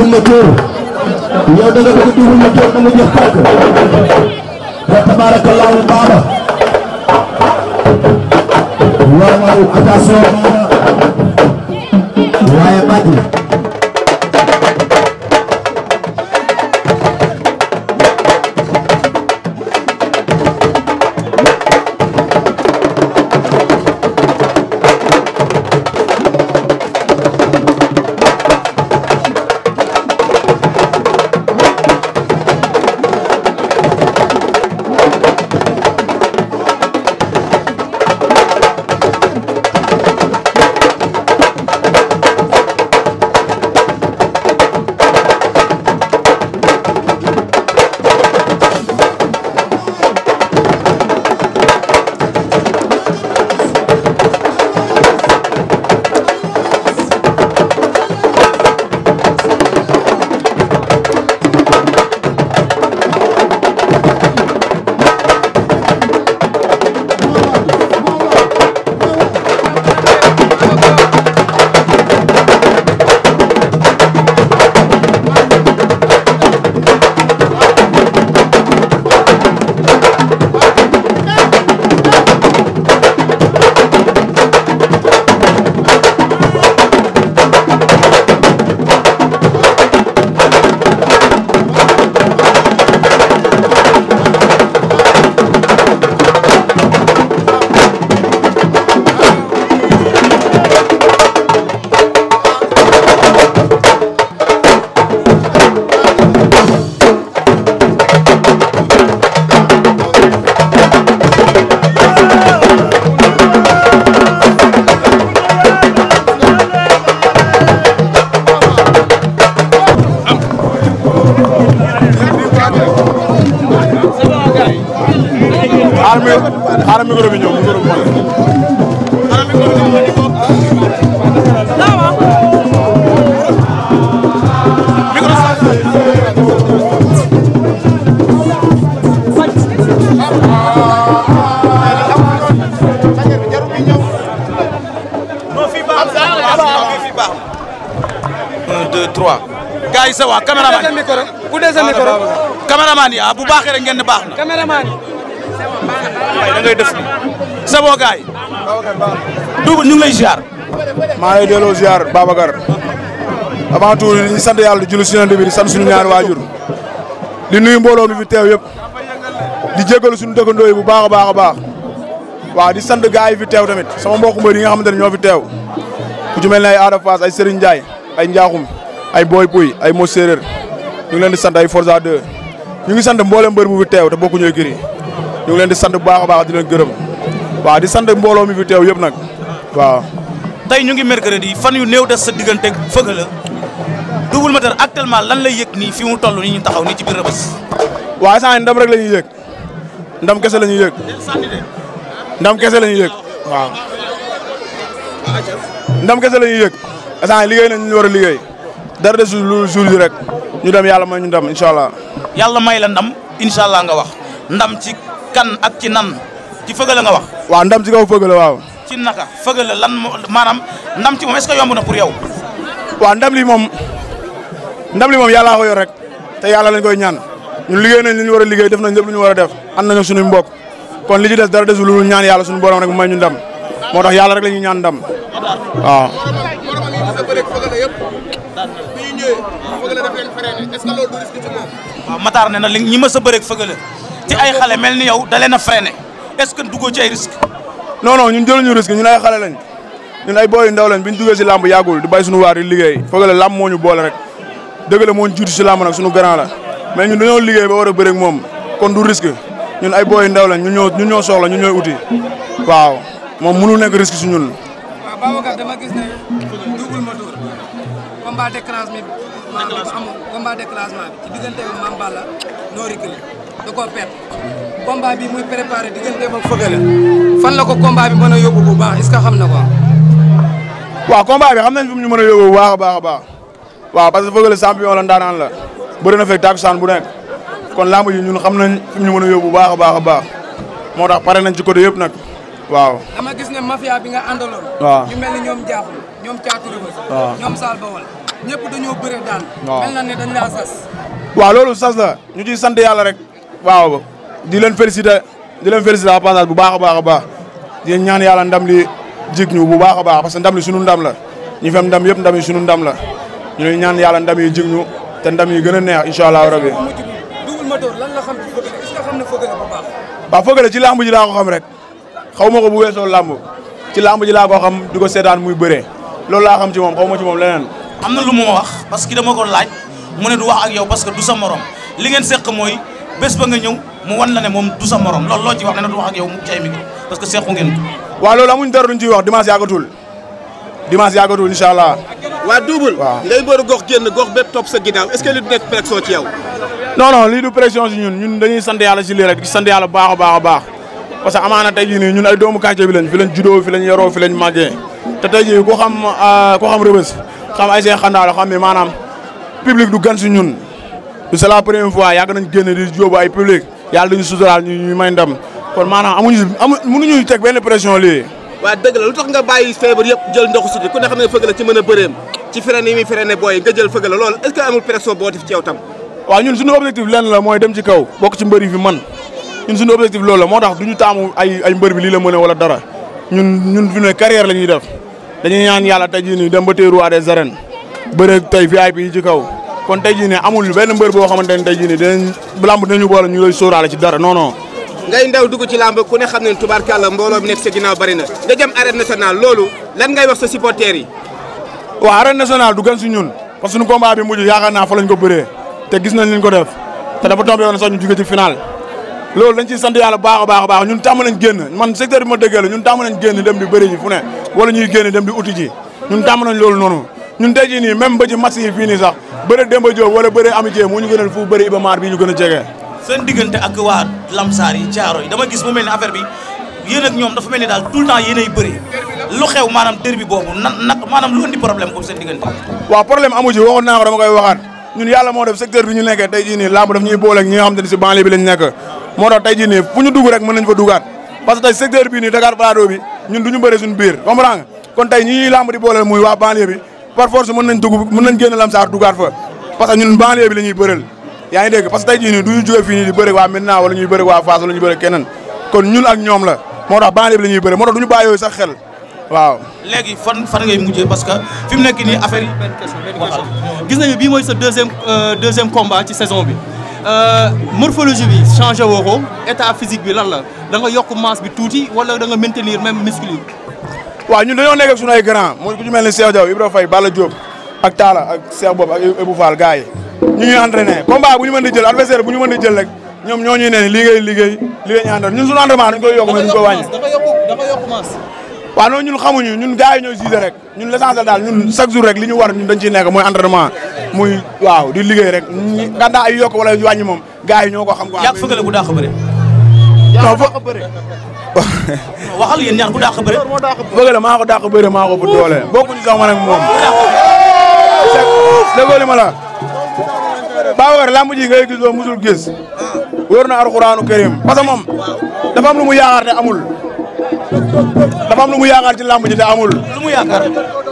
double moteur yow da nga bëgg double moteur da nga jëf park wa tabarakallahu baaba waaw waaw attention waaye bàjj xaaral micro bi ñëw micro bi xool. xaaral micro bi ñëw ñu ko. daawa. micro sax. un deux trois. gars yi sa waa caméraman ku dee sa micro. caméraman yi ah bu baaxee rek ngeen di baax na. caméraman yi. waaye da ngay gaay Double ñu ngi lay maa ngi delloo ziar Babacar avant tout ñu sant yàlla di julli si yonent di sant suñu ñaari waajur di nuyu mbooloo mi fi teew yëpp di jégalu suñu dëkkandoo yi bu baax a baax a baax waaw di sant gars yi fi teew tamit sama mbokku mbër yi nga xamante ne ñoo fi teew ku na mel ay Ada Fass ay Serigne Ndiaye ay Ndiakhoum ay Boy Pouy ay Mos Séeréer leen di sant ay Forza 2 ñu ngi sant mboolem mbër bu fi teew te bokkuñu kii ñu leen di sant bu baax a gërëm waaw di sant mbooloo mi fi teew yëpp nag waaw. tey ñu ngi mercredi fan yu néew des sa diggante fëgg la Double Moteur actuellement lan lay yëg nii fi mu toll nii ñu taxaw nii ci biir Rebeuss. waaw saa ndam rek la ñuy yëg ndam kese la ñuy yëg ndam kese la ñuy yëg ndam kese la ñuy yëg saa liggéey nañ ñu war a liggéey jour rek ñu dem yàlla may ñu ndam incha allah. yàlla may la ndam incha allah nga wax ndam ci. kan ak ci nan ci Feugeuleu nga wax. waaw ndam ci kaw Feugeuleu waaw. ci naka Feugeuleu lan maanaam ndam ci moom est yomb na pour yow. waaw ndam li moom ndam li moom yàllaa ko yor rek te yàlla lañ koy ñaan ñun liggéey nañ ñu war a liggéey def nañ lépp lu ñu war a def am nañu suñu mbokk kon li ci des dara def lu ñaan yàlla suñu borom rek may ñu ndam moo tax yàlla rek la ñuy ñaan ndam waaw. waaw Matar nee ñi ma sa bëreeg Feugeuleu ci ay xale mel ni yow da leen a freiné est-ce que duggoo ci ay risque non non ñun jëluñu risque ñun ay xale lañ ñun ay booy yu ndaw lañ bi ñu duggee si làmb yàggul di bay suñu waar yi liggéey foog la làmb moo ñu boole rek dëgg la moo ñu jiitu si làmb suñu grand la mais ñun dañoo liggéey ba war a bëre moom kon du risque ñun ay booy yu ndaw lañ ñun ñoo ñun ñoo soxla ñun ñooy uti waaw moom mënul nekk risque si ñun. waaw ah, da koo perte combat bi muy préparé digganteem ak Feugeula fan la ko combat bi mën a yóbbu bu baax est ce xam na ko waaw combat bi xam nañ fi ñu mën a yóbbu bu baax a baax a baax waaw parce que Feugeula champion la ndaanaan la bëri na fekk taakusaan bu nekk kon lamb yi ñun xam nañ fi ñu mën a yóbbu bu baax a baax a baax moo tax pare nañ ci côté yëpp nag waaw. dama gis ne mafia bi nga àndaloon. waaw ni ñoom Diakhoum ñoom Thiatou Rebeuss. waaw ñoom Sall Bawol ñëpp dañoo yàlla rek waaw di leen féliciter di leen bu baax a baax a baax di ñaan yàlla ndam li jig ñu bu baax a baax parce que ndam li sunu ndam la ñu fam yëpp ndam yi sunu ndam la ñu ñaan yàlla ndam yi jig ñu te ndam yi gën a neex incha allah rabi. waaw foogale ci làmb ji laa ko xam rek xaw ma ko bu weesoo làmb ci làmb ji laa ko xam di ko seetaan muy bëree loolu laa xam ci moom xaw ma ci moom leneen. am lu mu wax parce que dama ko laaj mu ne du wax ak yow parce que du sa morom li ngeen seq mooy bés ba nga ñëw mu wan la ne moom du sa morom loolu loo ci wax ne na du wax ak yow mu cay micro parce que seexu ngeen ko waaw loolu amuñ dara duñ ciy wax dimanche yàggatul dimanche yàggatul incha allah waa double waaw ngay génn gox bépp topp sa ginnaaw est-ce que li du lii du pression si ñun ñun dañuy sant yàlla si lii rek di sant baax a baax a baax parce que amaana tey jii nii ñun ay doomu quartier bi lañ fi lañ juddoo fi lañ te ah, maanaam public gan si ñun du c'est la première fois yàgg nañ génn di jóobu ay public yàlla dañu suturaal ñu ñu may ndam kon maanaam amuñu amu mënuñu teg benn pression lii. waaw dëgg lu tax nga bàyyi feebar yëpp jël ndoxu suti ku ne xam ne fëgg la ci mën a bëreem ci frein yi muy freiné booy nga jël fëgg la loolu est-ce que amul pression tam. waaw ñun suñu objectif lenn la mooy dem ci kaw bokk ci mbëri fi man ñun suñu objectif loolu la moo tax duñu taamu ay ay mbër bi lii la mën wala dara ñun ñun fi ne carrière la ñuy def dañu ñaan yàlla tey jii nii dem ba tey roi des arènes bëre tey VIP yi ci kaw kon tey jii ne amul benn mbër boo xamante ne tey jii ne dinañ lamb dinañu boole ñu lay sóoraale ci dara non non. ngay ndaw dugg ci lamb ku ne xam ne tubaarkàlla mbooloo bi nekk sa ginnaaw bari na nga jëm arène nationale loolu lan ngay wax sa supporters yi. waaw arène nationale du si ñun parce que suñu combat bi mujj yaakaar naa fa lañ ko bëree te gis nañ liñ ko def te dafa tombé woon sax ñu jugee ci loolu dañ ciy sant yàlla baax a baax baax ñun tàmm nañ génn man secteur bi ma déggee génn dem di bëri ji fu ne wala dem di uti ji ñun tàmm nañ loolu noonu ñun tey jii nii même ba ci match sax bëre Demba Diop bëre Ami Dieng moo ñu gënal fu bëre Iba Mar bi ñu gën a jege seen diggante ak waa lamsaar yi caaro dama gis mu mel ni affaire bi yéen ak ñoom dafa mel ni daal tout temps yéenay bëri lu xew maanaam derbi boobu na nag maanaam lu indi problème boobu seen diggante waaw problème amu koy waxaat ñun yàlla moo def secteur bi ñu nekkee tey jii nii lamb daf ñuy booleeg ñi te ne si banlieue bi parce que tey secteur bii nii Dakar Plateau par force mën nañ dugg mën nañ génn lamsaar dugaat fa parce que ñun banlieue bi la ñuy bëreel yaa ngi dégg parce que tey jii nii du ñu jógee fii nii di bëre waa Medina wala ñuy bëre waa Fass wala ñuy bëre keneen kon ñun ak ñoom la moo tax banlieue bi la ñuy bëre moo tax du ñu bàyyi yooyu xel waaw léegi fan fan ngay mujjee parce que fi mu nekk nii affaire yi benn question benn question bii mooy sa deuxième euh, deuxième combat ci saison bi euh, morphologie bi changé woo état physique bi lan la da nga yokk masse bi tuuti wala da nga maintenir même muscle yi waaw ñun dañoo nekk ak sunu ay grand mu ku mel ni Cheikh Diaw Ibra Faye Balla Diop ak Talla ak Cheikh Bob ak Ebou Fall gars yi ñu ne entraîné combat bu ñu mën di jël adversaire bu ñu mën di jël rek ñoom ñoo ñuy ne liggéey liggéey liggéey ñu àndal ñun suñu entraînement dañ koy yokk mais duñ ko wàññi dafa yokk dafa yokk masse ñun xamuñu ñun gars yi ñooy gise rek ñun l'essentiel daal ñun chaque jour rek li ñu war ñun dañ ciy nekk mooy entraînement muy waaw di liggéey rek gàndaa ay yokk wala wàññi moom gars yi ñoo ko xam ko waxal maa ko dàq bëre maa ko bu doole. bokkuñu sax man moom. déggoo li ma la. Babacar lamb ji ngay musul gis. wóor na alxuraanu karim parce que moom dafa am amul. dafa am lu mu yaakaar ci lamb ji amul. lu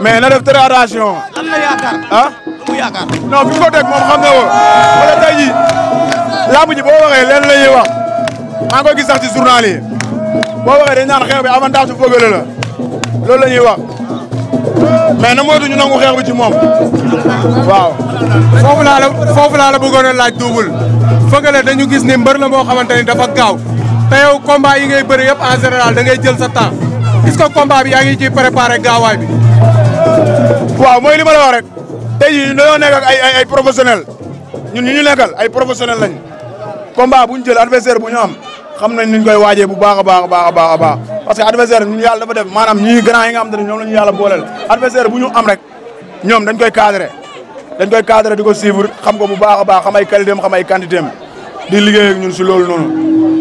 na def très attention. lan la yaakaar. ah lu mu yaakaar. non fi ko teg moom xam boo waxee leen la ñuy wax. maa ngi koy gis sax yi. boo waxee dañ naan xeex bi avantage bu Feugeuleu la loolu la wa wax mais na moytu ñu nangu xeex bi ci moom waaw. foofu laa la foofu laa la bëggoon a laaj Double Feugeuleu dañu gis ne mbër la moo xamante ni dafa gaaw te yow combat yi ngay bëri yëpp en général da ngay jël sa temps est-ce que combat bi yaa ngi ciy préparé gaawaay bi. waaw mooy li ma la wax rek tey jii ñun dañoo nekk ak ay ay professionnel ñun ñu ñu nekkal ay professionnel lañ combat bu ñu jël adversaire bu ñu am. xam nañ niñ koy waajee bu baax a baax a baax a baax a baax parce que adversaire ñun yàlla dafa def maanaam ñii grand yi nga xam te booleel adversaire bu ñu am rek ñoom dañ koy cadré dañ koy cadré di ko suivre xam ko bu baax a baax xam ay qualité am xam ay quantité am di liggéey ak ñun si loolu noonu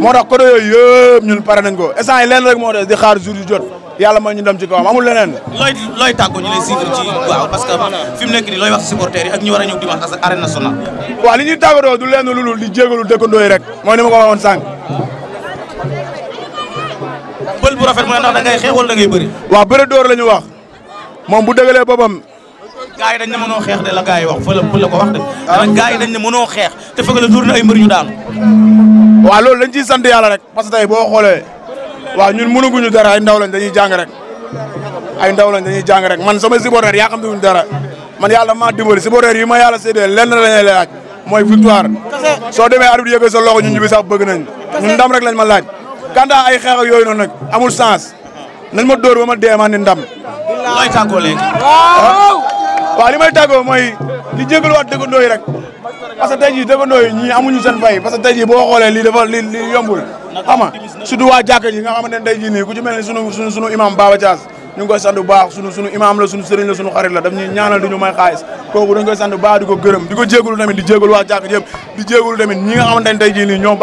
moo tax côté yooyu yëpp ñun pare nañ ko instant yi leen rek moo des di xaar jour yu jot yàlla mooy ñu dem ci kawam amul leneen. looy looy tàggoo ñu lay suivre ci waaw parce que fi bël bu rafet mu ne ndax da ngay xeex wala da ngay bëri. waaw bëri door la ñu wax moom bu dëgalee boppam. gaa yi dañ ne mënoo xeex de la gaa yi wax fële fële ko wax de. waaw ah. dañ ne mënoo xeex te fekk ñu daanu. waaw loolu dañ ciy sant yàlla rek parce que boo xoolee waaw ñun mënaguñu dara ay ndaw lañ dañuy jàng rek ay ndaw dañu dañuy jàng rek man sama supporter yaa xam duñu dara man yàlla maa dimbali supporter yi ma yàlla séddee lenn lañuy laaj mooy victoire soo demee arbitre yëgee loxo ñun ñu bi sax bëgg nañ ñun ndam rek lañ ma laaj kanda ay xeex yooyu noonu nag amul sens nañ ma dóor ba ma dee ma ni ndam. looy tàggoo léegi. waaw waaw li may tàggoo mooy li rek parce que tey jii dëggandoo amuñu seen fay parce que tey jii lii dafa li li yombul xam nga surtout waa jàkka ji nga ne tey jii nii ku sunu sunu sunu imam ñu ngi koy sant bu baax sunu sunu imam la sunu sëriñ la sunu xarit la daf ñuy ñaanal du may xaalis di ko gërëm di ko jégalu tamit di jégalu waa jàkka ji yëpp di jégalu tamit ñi nga xamante ne tey jii nii ñoo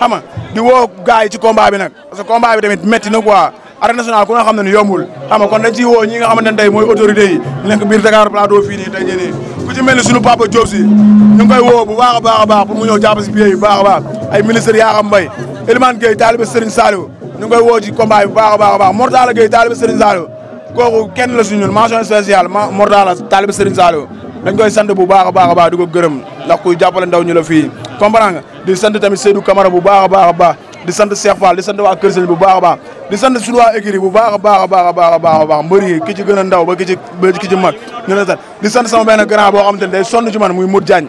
xam nga di woo gars yi ci combat bi nag parce que bi tamit métti na quoi arène nationale ku nga xam ne yombul xam nga kon dañ ciy woo ñi nga xamante ne tey mooy autorités yi nekk biir Dakar plateau fii nii tey ku ci mel ni sunu papa Diop si ñu ngi woo bu baax a baax a baax pour mu ñëw jàpp si biir yi bu baax a ay ministres yaa xam mbay Elimane Gueye taalibe Serigne Saliou ñu ngi koy woo ci combat bi bu baax a baax a baax Mortala Gueye taalibe Serigne Saliou kooku kenn la suñu ñun mention spéciale Mortala taalibe Serigne Saliou dañ koy sant bu baax a baax baax di ko gërëm ndax kuy jàppale ndaw ñu la fii comprendre nga di sant tamit Seydou Camara bu baax a baax a baax di sant Cheikh di sant waa Kër bu baax baax di sant suñu waa écurie bu baax a baax a baax a baax a baax a baax mbër yi ki ci ba ki ci ba ki ci a sant di sant sama benn grand boo xamante ne day sonn ci man muy Mour Diagne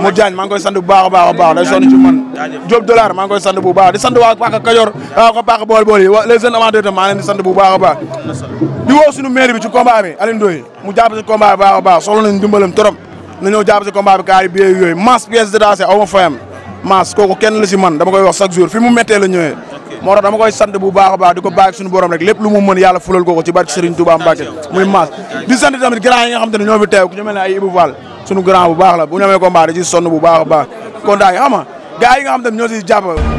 Mour Diagne bu baax a baax a baax day sonn ci dollar maa ngi bu baax di sant waa Pàkk Kajoor waa ko Pàkk Bool Bool yi les bu baax a baax di woo a baax soxla na ñëw jàpp si combat bi kaari bi yooyu masse pièce détachée aw ma fayam masse kooku kenn la si man dama koy wax chaque jour fi mu méttee la ñëwee moo tax dama koy sant bu baax a baax di ko bàyyi suñu borom rek lépp lu mu mën yàlla fulal ci barke Serigne Touba Mbacke muy masse di sant tamit yi nga xam te ne ñoo fi ku ñu mel ne ay Ibou Fall suñu bu baax la bu ñu amee combat da ci sonn bu baax a baax kontaan yi xam nga yi nga xam te ne